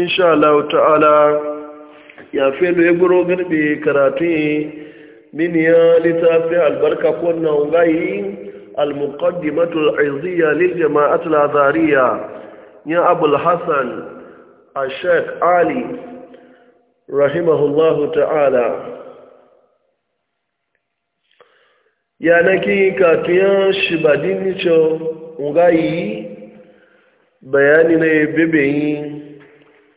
insha Allah ta'ala ya felo ya guro garbe karatu min ya litafi albarka kunna gayi al-muqaddimatu al lil jama'at al ya abul hasan ash ali rahimahullahu ta'ala yanaki katuyan shibadin nicho ngai bayani ne bebeyin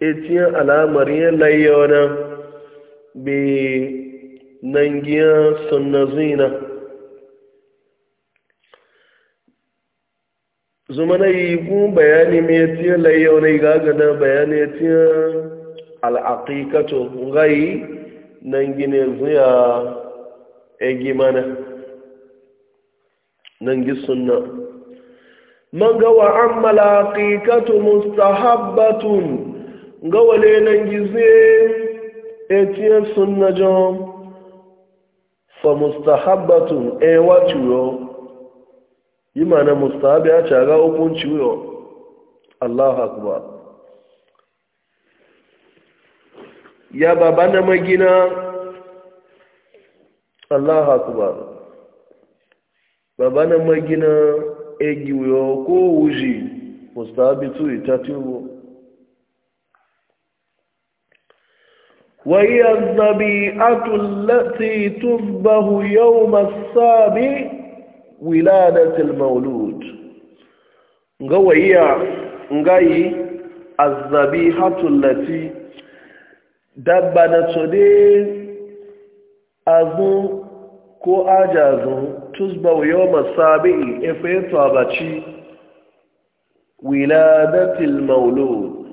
etiyan al'amarin layyana bi nangiyan zuma zumana yi gun bayani mai etiyan layyana gagana bayani etiyan al'aƙiƙato rai nangine zuya egi mana nan sunna man gawa an malaƙiƙato mustahabbatun ga wale nan gize etiye sunna jo fa mustahabbatun e watuyo yi mana mustahabi a caga hukunci yo Allah akbar ya baba na magina Allah akbar baba na magina egiwo ko wuji mustahabi tu itatubo وهي الذبيئه التي تذبه يوم السابع ولاده المولود غويا غاي الذبيحه التي دبنا تدي ابو كو ajazun tuzbau يوم sabi'i ifetu abaci ولاده المولود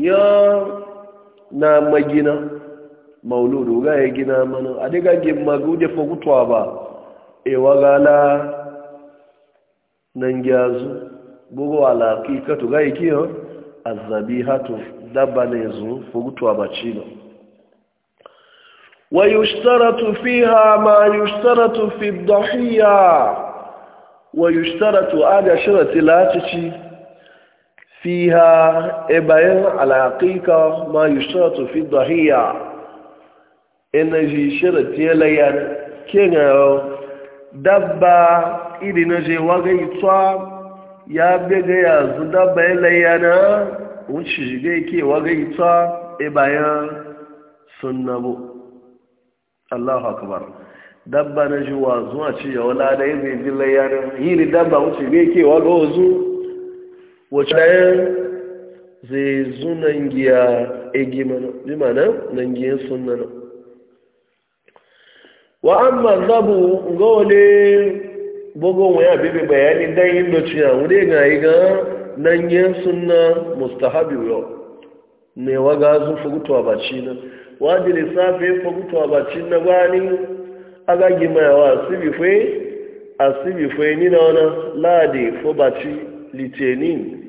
يا na magina mauludu ga ya gina mana a daga gimma gude fagutuwa ba E gala nan gyazu gugu alaƙi katu ga iki yau azabi hatu dabba na yanzu fagutuwa ba ci ba wa yushtaratu fiha ma yushtaratu fi dhahiya wa yushtaratu aga shirati latici fiha ebayan alaƙiƙa ma yushtaratu fi dhahiya energy shirin telayar kenan uh, dabba iri na je waga itwa ya bega yanzu dabba ya e layana wuce shiga ke waga itwa e bayan sunnabo allahu akbar dabba na ji wa zuwa ce ya wala da ya e zai jin layana yiri dabba wuce ga ke waga wuce wace yin zai zu nangiya egimana jimana nangiyan sunnana wa amma zabu ga wale bugu ya bebe bayani dan ndochi dociya wuri ga yi ga nan yin suna mustahabi yau ne wa ga zun na wadi lissafi fugutuwa baci na gani a gagi mai wa sibife a sibife ni na wani ladi litinin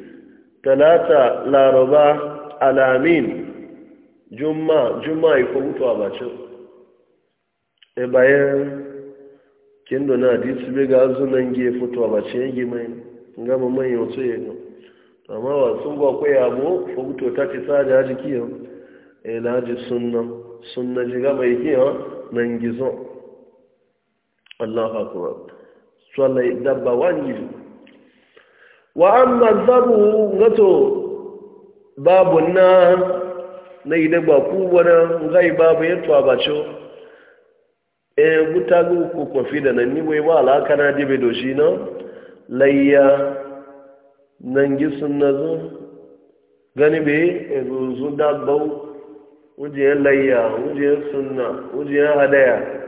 talata laraba alamin juma juma yi fugutuwa e bayan kendo na hadisi bai ga azunan ge fitowa ba ce yage mai gama manyan wasu ya ga amma wa sun ba kwaya abu fagito ta ce sa da haji kiyo e na haji sunna sunna ji gama yi kiyo nan gizon allah akwai tsallai dabba wani wa amma zabu gato babu na na idagba kuwa na gai babu ya tuwa ba e guta ga uku kwafi da nan niwe ba alaka na jibe doshi na layya nan gi sun na zo gani be e zo dabbau wuje layya wuje sunna wuje hadaya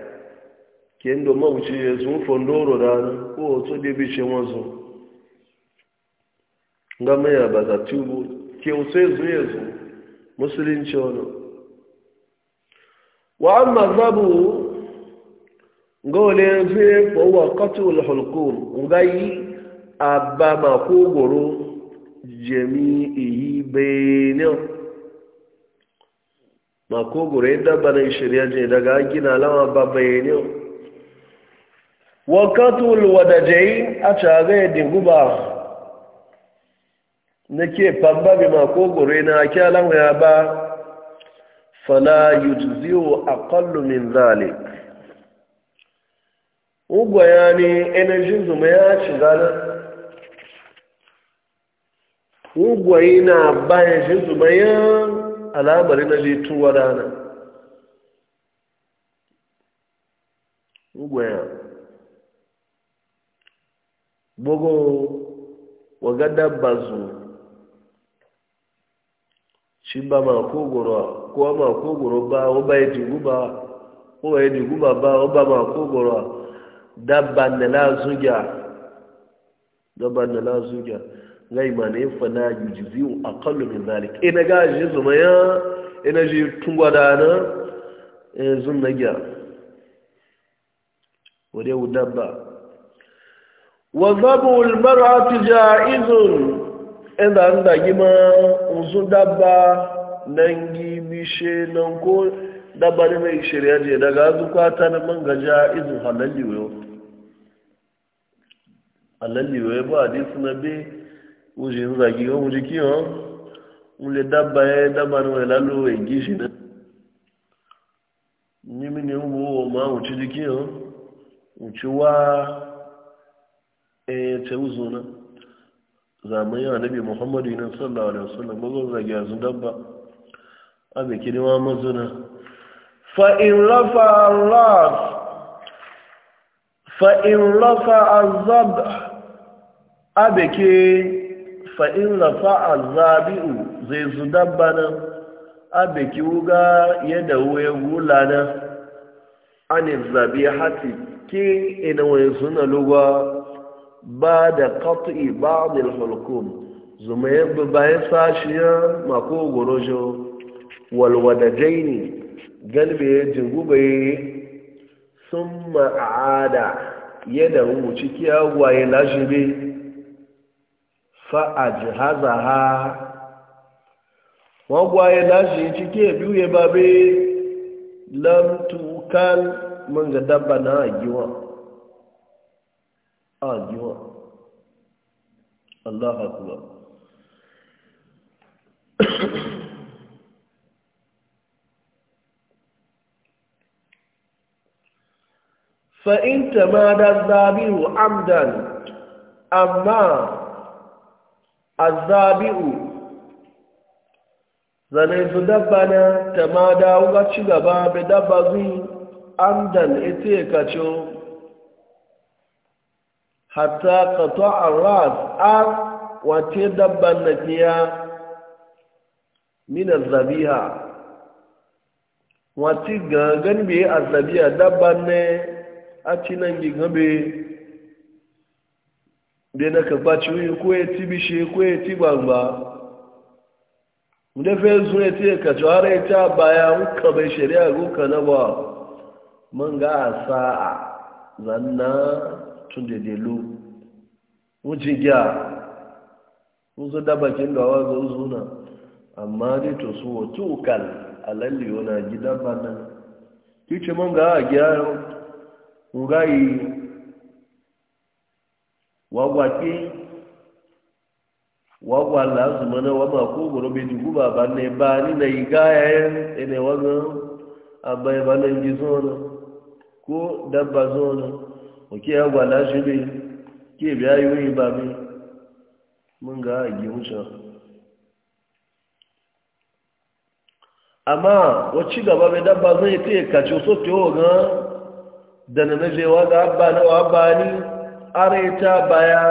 ke do ma wuce sun fondoro da ko otu de bi shewon zo ngama ya tubu ke usai zo yezo musulunci ọnụ. wa amma zabu gole nfe kowa katul hulkum gayi abba ma kogoro jami'i iyi ma kogoro yadda na shirya je daga gina lama ba benin wa katul wadajai a caga diguba na ke famba bi ma kogoro na ya ba fala yujziu aqallu min zalik ugwa ya ne energy ma ya shiga nan ugwa yana bayan shi zuma ya alamari na lituwa rana ugwa ya bugu waga dabba zu shi ba ma kogoro ko ma kogoro ba o ba ya diguba ba ya diguba ba o ba ma kogoro dabban da la zuga dabban da la zuga gai ma ne fana a aqallu min zalik ina e ga ji zuma ya ina e ji tun da na e zun na gya wade yau dabba wa zabu al ja ja'izun inda an da gima uzu dabba nan gi bishe nan ko dabba ne mai shirya je daga ta na man ga izun halalli alalli wee bụ hadisi na be wuji nzagi o wuji ki o wule daba ya na wela lo egishi na nyimi ni umu o ma wuci di ki o wuci wa e te uzuna zaman ya nabi muhammadu yin sallallahu alaihi wasallam bago zagi azun dabba abe kini fa fa abeke fa'in rafa a zabi'u zai su dabba nan abeke wuga yadda wuya gula nan an zabi hati ke ina wani suna lugwa ba da kat'i ba da zuma yabba bayan ma mako gorojo walwadajai ne galbe ya sun ma'ada yadda wuce kiyawa ya lashe bai fa'ajihazaha wọ́n gwa ya láṣe cike biyu ya babe lamtukan mun ga dabba na agiwa agiwa Allah akuwa fa'in ta ma da amdan amma azabi'u zane su dabba na ta ma dawo ci gaba bai dabba an amdan ita ya kaco hatta kato a ras a wace dabban na kiya minar zabiha wace gangan bai a zabiha dabban ne a cinan gigabe bai na karba ciwo ko ya ti bishe ko ya ti gbangba da fai zuwa ce ka jawara ta baya muka bai shari'a guka na ba man ga a sa'a zanna tun da delu wuce gya wuzu dabakin da wa zo na amma de to su wato kal alalli wana gida ba nan kici man ga a gyara mu ga yi wagwa wagwa la zuma wama ko goro be ba ne ba ni na iga ya ene waga abba ya bana ngi zona ko dabba zona o ke la jibe ke biya yi ba mi mun ga gi musha amma wacce gaba bai dabba zai ta kace so te o ga da na je waga abba na wa ni areta baya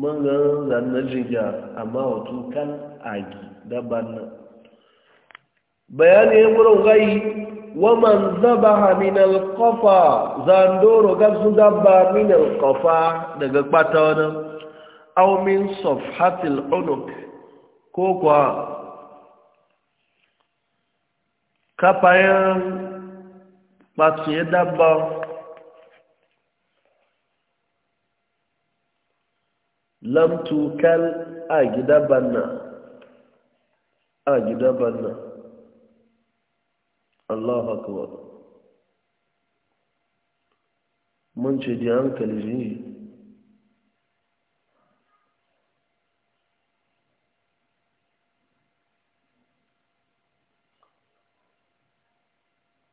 mun ga zannan jigya amma wato kan agi daban nan bayani ya wurin gai wa man zabaha min alqafa zandoro ga dabba min alqafa daga kwata wani aw min safhatil unuq ko kwa kafayan patiyar dabba lam tukal a gida banna a gida banna allah akbar mun ce ji hankali ne.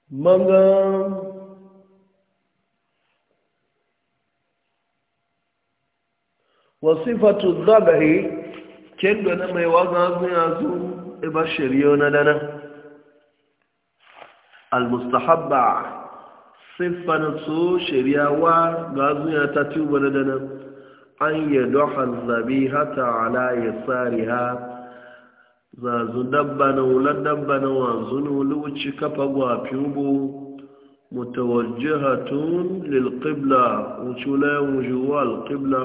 mangan وصفه الذبح كان دون ما يوازن إبشر ابشريون لنا المستحب صفه نصو شريا وا غازو ياتيو بدنا ان يدح الذبيحه على يسارها زازو دبنا ولد دبنا وازن ولوچي كفغوا فيبو متوجهه للقبله وشلا وجوال القبله,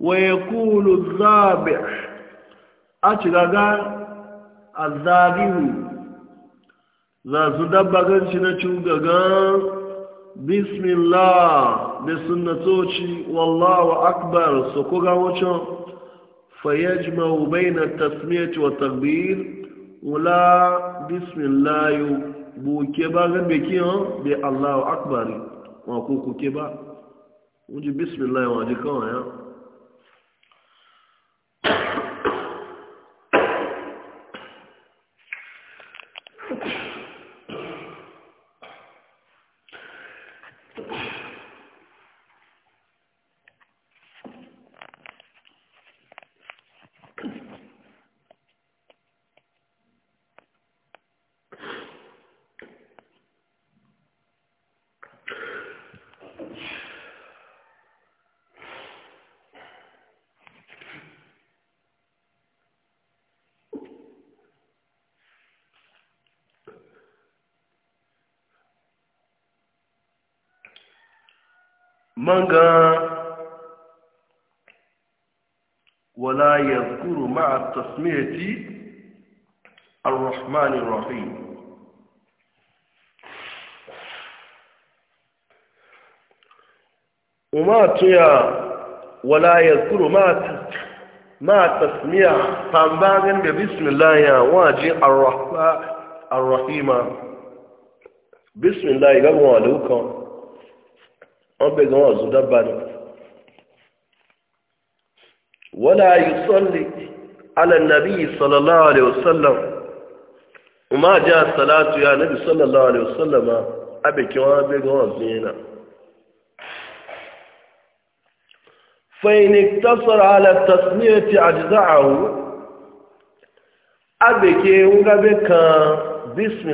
ويقول الذابح أتلقى الذابح ذا سدب غنشنا شوقا بسم الله بسنة توشي والله أكبر سكوغا وشو فيجمع بين التسمية والتكبير ولا بسم الله بكي بي الله أكبر وكوكو كيبا ونجي بسم الله وانجي كون manga wala ya kuru ma'a tasmiyati ar-rahmani rahim umar tuya wala ya kuru ma'a tasmiya tambagin da bismillah ya waje ar-rahima bismillah ya gaba wa lokacin wọ́n bẹ̀ gan wọ́n dábàá ni wọ́n náà yìí sọ́ọ̀lì alẹ́ nàbí sọ̀lọ́lá ọmọ àjẹ́ àsàlátù yà nàbí sọ̀lọ́lá àlẹ́ òsọ́lọ̀ máa abẹ̀kí wọ́n bẹ̀ gan wọ́n zùn yẹn náà. فإن اقتصر على تسمية أجزاءه أبكي وغبك بسم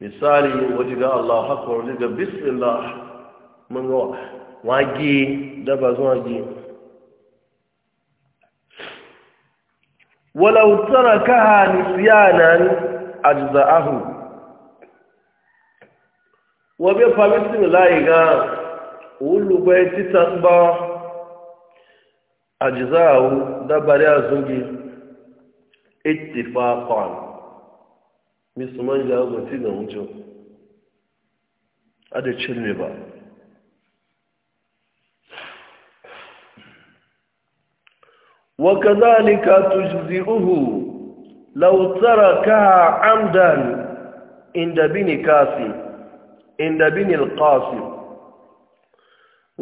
misali waje ga Allah haka wani ga bismillah mun ga wage daba zuwa ge walau tarakaha nisyanan ajza'ahu wa bi fa bismillah ga wulubai titan ba ajza'ahu dabari azungi ittifaqan musulman ya gwati ga mutum a da cin ba. wa kazalika tujzi'uhu law taraka amdan inda bini kasi inda bini alqasi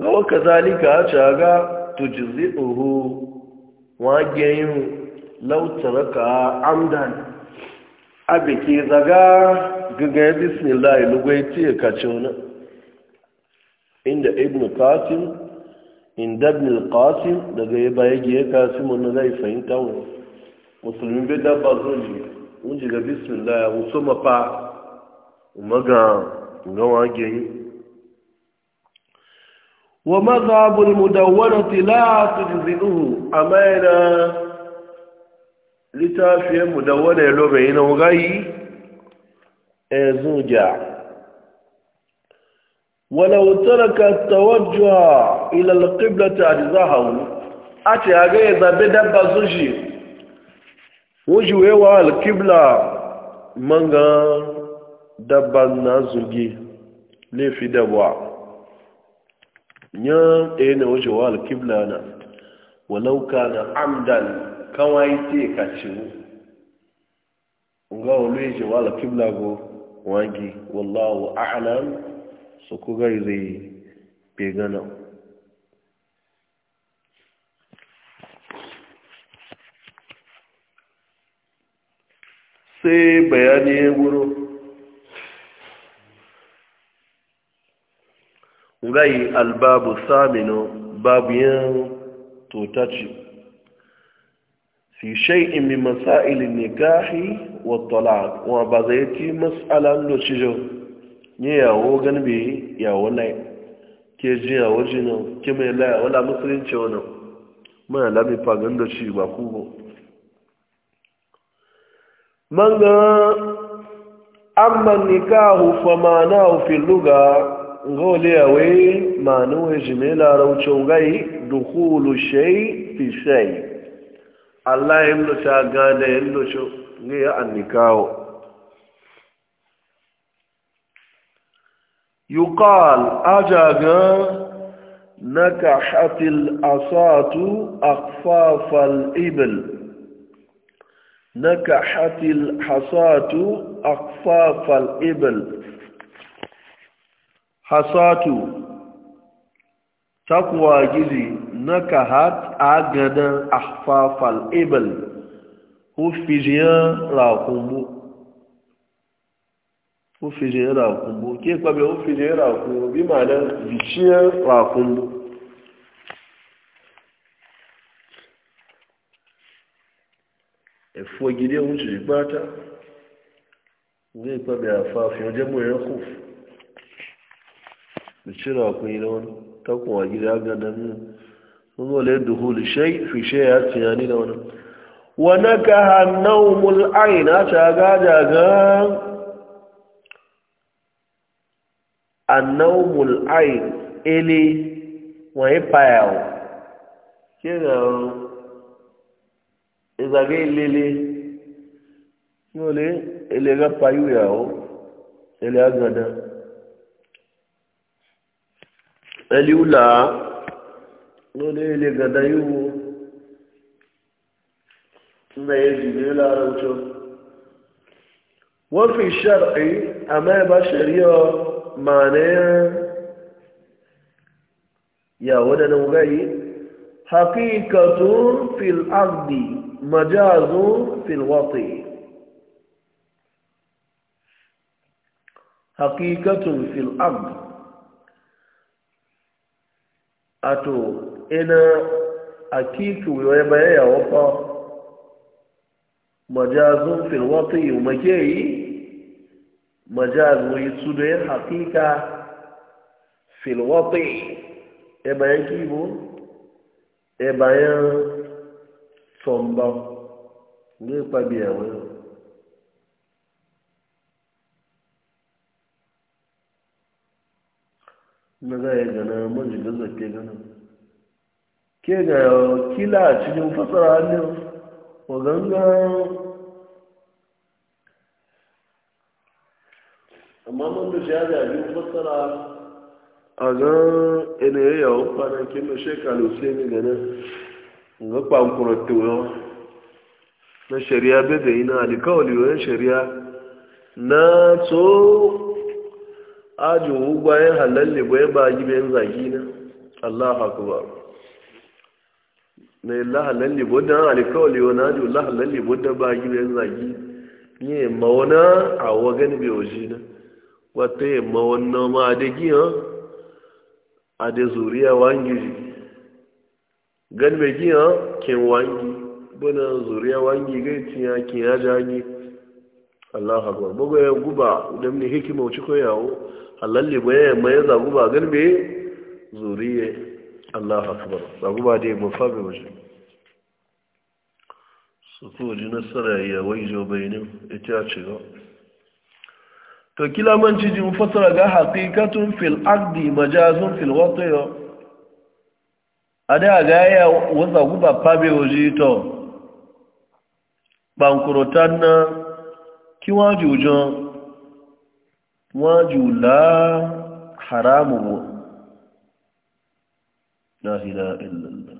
ga wa kazalika caga tujzi'uhu wa gayin law taraka amdan abe ke zaga gaga bismillah lugwai tiye kacin wani inda ibn qasim inda ibn qasim daga ya baya giye qasim na zai fahimta wani musulmi bai dabba zoji mun ji ga bismillah ya wuso mafa maga gawa gani wa mazhabul mudawwanati la tujzi'uhu amana littafiye mu da wada ya lobe yi na wugayi e zuja walau taraka tawajjuha ila alqiblati ajzahu ati aga ya zaɓe dabba zuji wujuwe wa alqibla manga dabba na zugi lefi dabwa nya e na wujuwa alqibla na walau na amdan kawai ce ka ciwo ga wani ya wala kibla go wangi wallahu a'lam su ku zai be gana sai bayani ya wuro gai albabu saminu babu yin to ta ce fi shay'in min ne gahi wa talaq wa ba zai ti matsalan do ci jo ne yawo gani be yawo nai ke ji yawo ji no ke mai la wala ce wani mana la mi pagan ci ba ku go manga amma nikahu fa ma'anahu fi lugha غولي وي ما نو جميل راو چوغاي دخول شيء في شيء الله يم لو شاغان لو شو ني انيكاو يقال اجاغا نكحت الاصات اقفاف الابل نكحت الحصات اقفاف الابل hasatu takwa gizi na kahat agadan ahfafal ibal hufijiyan rakunbu hufijiyan rakunbu ke kwabe hufijiyan rakunbu bi ma nan bishiyan rakunbu ẹ̀fọ́ gidi ohun ṣe pátá ní ìpàbẹ̀ àfáàfihàn jẹ́mọ̀ ẹ̀rọ kò fún cira akwai na wani takwa gida ga nan sun zo lai duhulu shai fi shai ya tunani da wani wani ka e hannau mul'ai na ta gada ga annau mul'ai ele wani fayawo ke izage ele ga payu ele الاولى نوليلي غدايو نايجي وفي الشرع اما بشريا معنى يا ولد نوغاي حقيقة في الأرض مجاز في الوطي حقيقة في الأرض ato ina akiku yoye baye ya wapa majazun fil wati umakeyi majazu yitsude hakika fil wati e baye kibu e bayan somba ngepa biya wewe na za a yi gana manji da zafi gana ke ga kila a cikin fasara hannun waganga amma man da shi a biyu fasara a ga ina ya yawon kwanakin na shekaru sai ni gana ga kwankurar tuwa na shari'a bai da ina alikawali wani shari'a na tso. ajin ugwayen halalle bai ba gibe zagi na Allah akbar na illa halalle bodan alikawali wani ajin illa halalle bodan ba gibe zagi ne mawana a wagan bai waje na wata yi mawana ma da giyan a da zuriya wangi gan bai giyan kin wangi bana zuriya wangi gai tiya kin ya jagi Allah akbar bugu ya guba da mini hikima wuce koyawo ba yayin mai zagu ba galbe zuriye Allah akbar zagu ba dai mu fabe mashi su ko ji nasara ya wai waijo bayanin ita ce ba to kila man ci ji fasara ga haqiqatun fil ardi majazun fil wati ada ga ya wanda guba fabe waje to bankurotan na kiwajujon jù la haramu la A illallah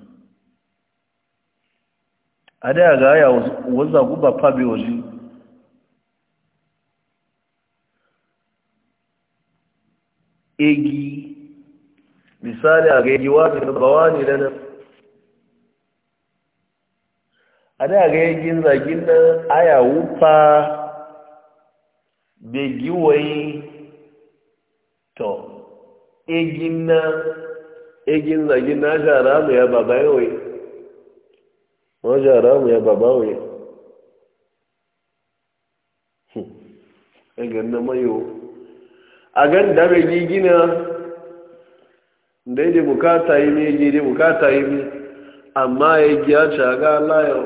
ada ga ya waza guba pabe waje egi misali a gaji wata bawa ne da nan a da ga yagin zagin nan aya wufa bai giwayi to egin na egin zagin na jara mu ya baba yawai na jara mu ya baba wai hmm. egin na mayo a gan dabe gina, da de bukata yi ne de bukata yi ne amma ya gi ce a ga layo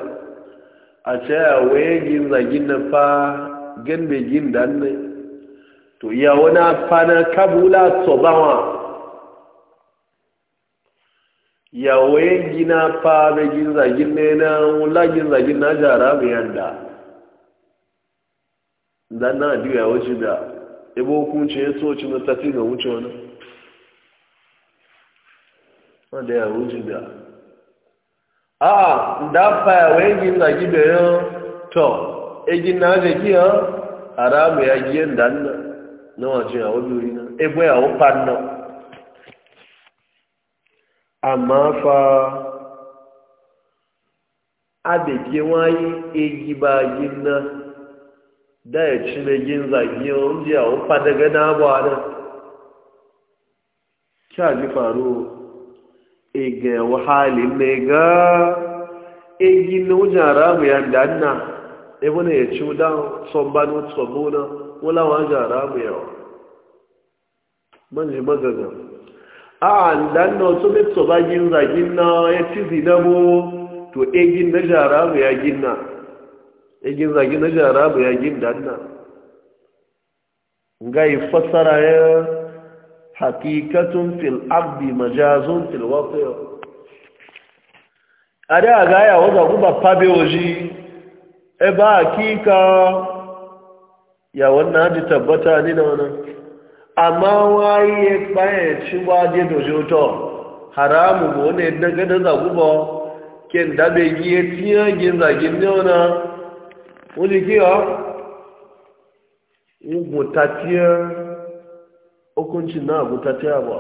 a ce a waye gin zagin na fa gan begin dan ne to yawo na fana kabula sobawa yawo gina fana ginza gine na wula ginza gina jara mai yanda dan na biyu yawo ji da ebe hukunci ya soci na tafi ga wuce wani wanda yawo ji da a dafa yawo ginza gibe yan to egin na jeki yan haramu ya giyan dan nan náà ọ̀jìn àwọn olórí náà ẹgbẹ́ àwọn pa náà àmọ́ fa abèké wọn ayé èyí bá yí ná dáyẹ̀ tí lè yí ń zàgí oúnjẹ àwọn padàgẹ́ náà bọ̀ àná kí àbí faru ìgẹ̀ wàhálì mẹ́gà èyí ní oúnjẹ àràmù yà ẹgbẹ́ náà yẹ̀ tí ó dáhùn sọ́mbánú wala wa jara mu yawa man ji magaga a dan no so be so bagin zagin na ya ci zinabo to egin na jara mu ya ginna egin zagin na jara mu ya gin danna ga fasara ya hakikatun fil abdi majazun fil waqi' ada ga ya waza guba pabe oji e ba hakika ya wannan haji tabbata ne na wannan amma waye bayan ci waje da joto haramu ba wani yadda gada zagu ba ken dabe ya tiya gin zagin ne wana wani kiya gutatiya hukuncin na gutatiya ba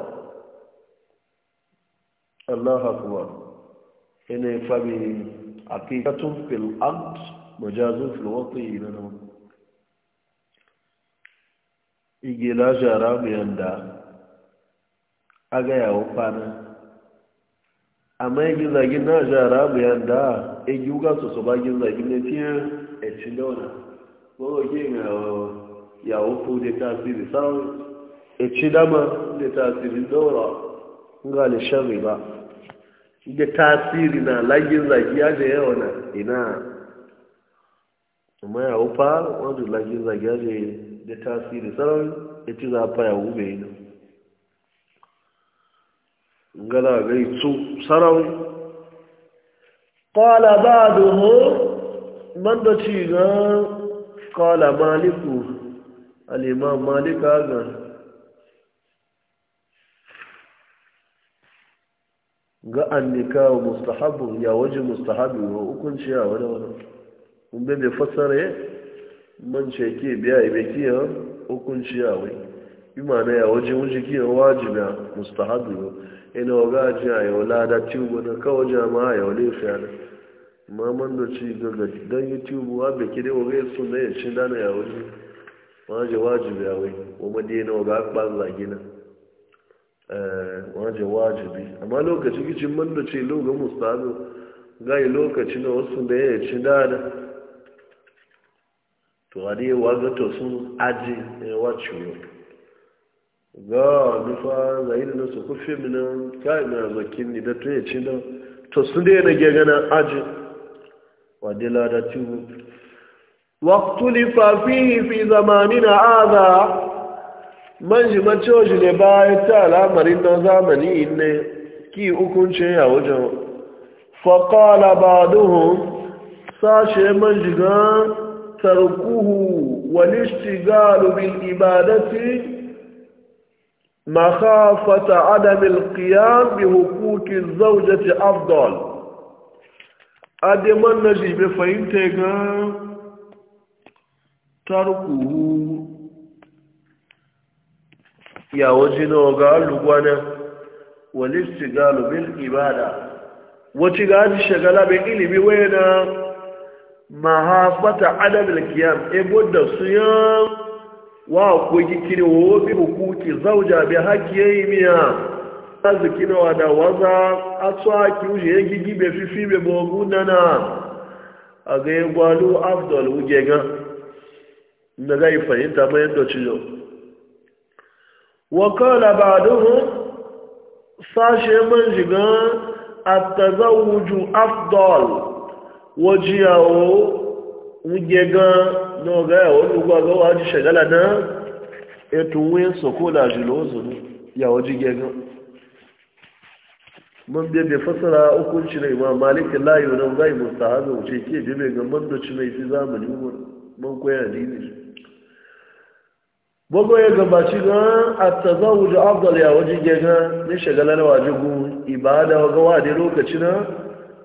Allah hakuwa ina yi fami a kai katun fil ard majazun fil waƙi na nan igi jara haramu yanda a gaya wa kwanan amma igi zagi na jara haramu yanda igi wuga su su bagin zagin na fiye a cin dauna gbogbo ke yawon fu da tasiri sauran a ci dama da tasirin daura ga da shan riba da tasiri na zagi zagiya da yawa na ina amma yawon fa wadda lagin zagiya da yawa da tasiri sarari ya ci za faya wube yi nan gana gai su sarari kwala ba doho man ci na kwala maliku aliman malika ga ga annika mustahabu ya waje mustahabu wa hukunci ya wani wani kun bai fassara man sheke biya ibe kiyan hukunci yawai bi mana ya wajen wuce kiyan wajibiya mustahabi yau ina waga ji a yau lada tubu na kawo jama'a yau ne fiya na ma man da ci gaga ha yi tubu wa bai kide waga ya sun ya ci dana ya waje waje wajibi ya wai wa da yana waga akpa zagi na eh, waje wajibi amma lokaci kicin man da ci loga mustahabi gai lokaci na wasu da ya ci dana to ade waga to sun aji e, wa ciwo ga nufa zahiri na su kufi minan kai na zakin ni da tuye ci da to sun da yana aji wade lada tiwu waktulifa fihi fi zamanina aza man ji macoji ne e ta al'amarin na zamani ne ki hukunce a wajen faƙala ba duhun sashe man jigan تركه والاشتغال بالإبادة مخافة عدم القيام بحقوق الزوجة أفضل أدمان نجيب فإنتك تركه يا وجن وقال لقوانا والاشتغال بالإبادة وتقال الشغلة بإلي بوينا mahafata adadul kiyam ebo da su yan wa ko gikiri wo bi hukuki zauja bi haki yi miya azikina wa da waza atwa ki ya gigi gibe fifi be boguna na aga yegwalu afdol uje ga na ga ifayinta mai yadda cijo wa qala ba'duhum sashe man jiga at afdol. wajiyawo wuje gan na ga shagala na da ya waji gan man biya fasara hukunci na imam malik layi wani gai mustahabi wuce ke bi ga mai zamani man koya ya gabaci ga a tazawuj Abdul ya waji gan ne shagala na waje gun ibada ga wadi lokaci na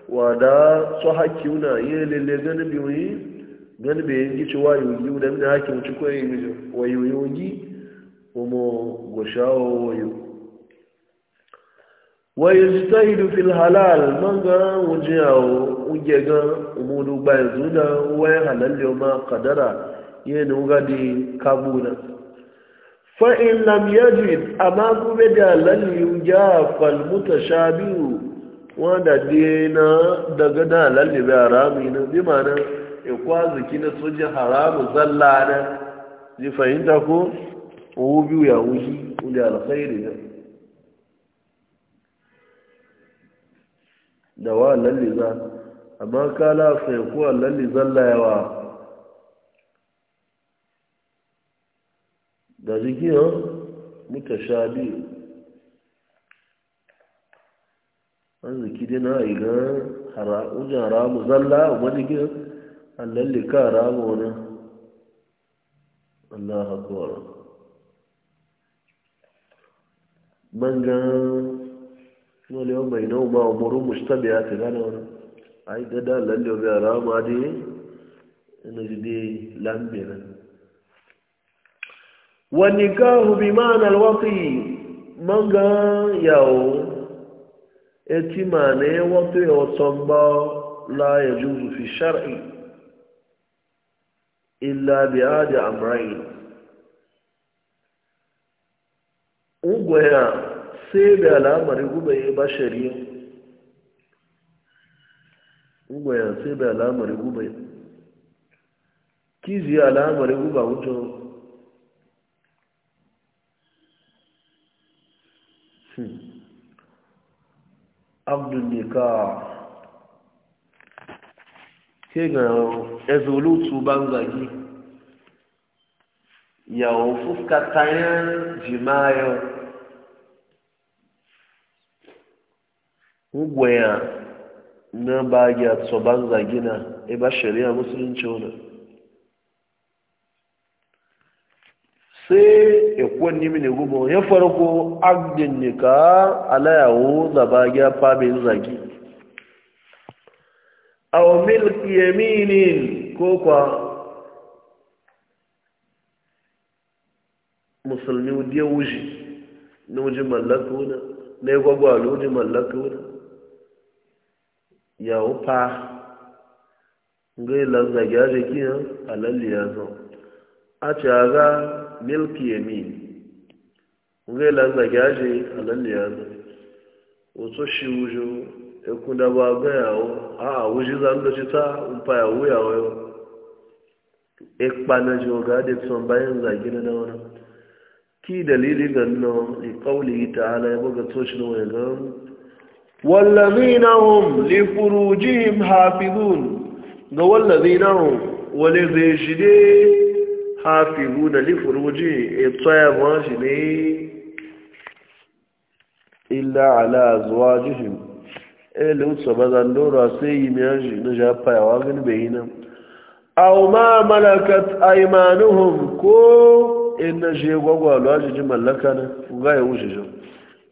wada so haki una yi lalle gani biyu yi gani bai yanki ci wa yogi da mina haki wuce ko yi mijo wa yogi kuma goshawo wayo wa yastahidu fil halal man ga wuje yawo wuje ga umudu ba yanzu da wayan halalle yau ma kadara yin wuga di kabuna fa in lam yajid amma kuma da lalli ya sha biyu. wanda dai na daga na lallabe haramu ina bi mana ya kwazuki na soji haramu zalla na zai fahimta ko wu biyu ya wuyi wuli alkhairi na da wa lalliza amma kala sai kuwa lallizan wa da jikin mutashabi arziki dai na iga wajen haramu zalla wani gina allallika haramu wani allah akwai bangan wani yau mai nau ma umaru mustabi ya tiga da wani ai gada lalle obi haramu a dai ina ji dai lambe na wani kahu bi ma'anar wafi manga yawo eti ma na ewọta ya ọtọ mgba la ya juzu fi shar'i illa bi adi amrain ugwaya sai da al'amari gubaye ba shari'a ugwaya sai da al'amari gubaye kizi al'amari guba wujo abdul nika ke ga ezolutu bangagi yawon fuskatayen jimayen ugwaya na bagya tsoban na e ba shari'a musulunci wani sai ya kwanni mini gubo ya farko abdin nika alayawo zaba ya fabin zaki aw milki yaminin ko kwa musulmi wudiya wuji na wuji mallaka wuna na ya gwagwalo wuji mallaka wuna ya wufa ngayi yi lanzage ya jiki a zan a ce a ga milki yamin ngai la zagaje alan ya wato shi wujo e kunda ba ga yawo a wuji zan da in fa ya wuya wayo e kpana jo ga de son bayan zagi na wani ki dalili ga no li qawli ala ya buga to shi no ya ga wallazina hum li furujihim hafizun ga zai shide hafizu na lifuruji etsaya wanshi ne illa ala zuwa jihim ilin su bazan dora sai yi miyan shi na shafayawa gani bai yi nan au ma malakat aimanuhum ko in na shi gwagwalo a jijin mallaka ne ga ya wuce shi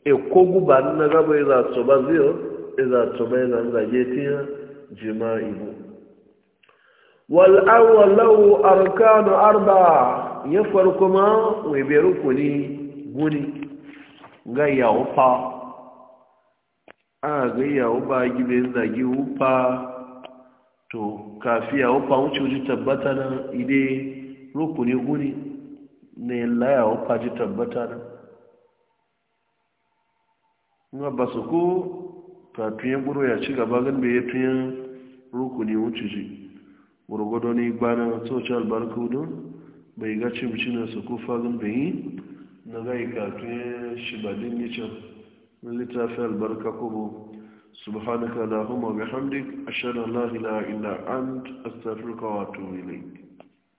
e ko guba na gaba ya za su ba zai ya za su ba ya zage tiya jima'i والأول له أركان أربعة يفركما ويبركني غني غيا وفا آه غيا وفا جبين وفا to kafiya wafa wuce wuce tabbata nan ide rukuni guni na laya wafa ji tabbata nan ba su ko ka tuyen ya ci gaba bai rukuni wuce ji gurgudu ne gbana social barkudu bai ga cimcina su kufa gan bayi na gai kafin shibadin yicin na littafi albarka kubo subhanaka lahumma bihamdik ashhadu an la ilaha illa ant astaghfiruka wa atubu ilayk